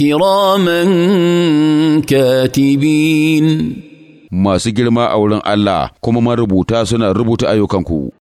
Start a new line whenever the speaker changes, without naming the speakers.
kiraman katibin masu girma a wurin Allah kuma marubuta suna rubuta ayyukanku.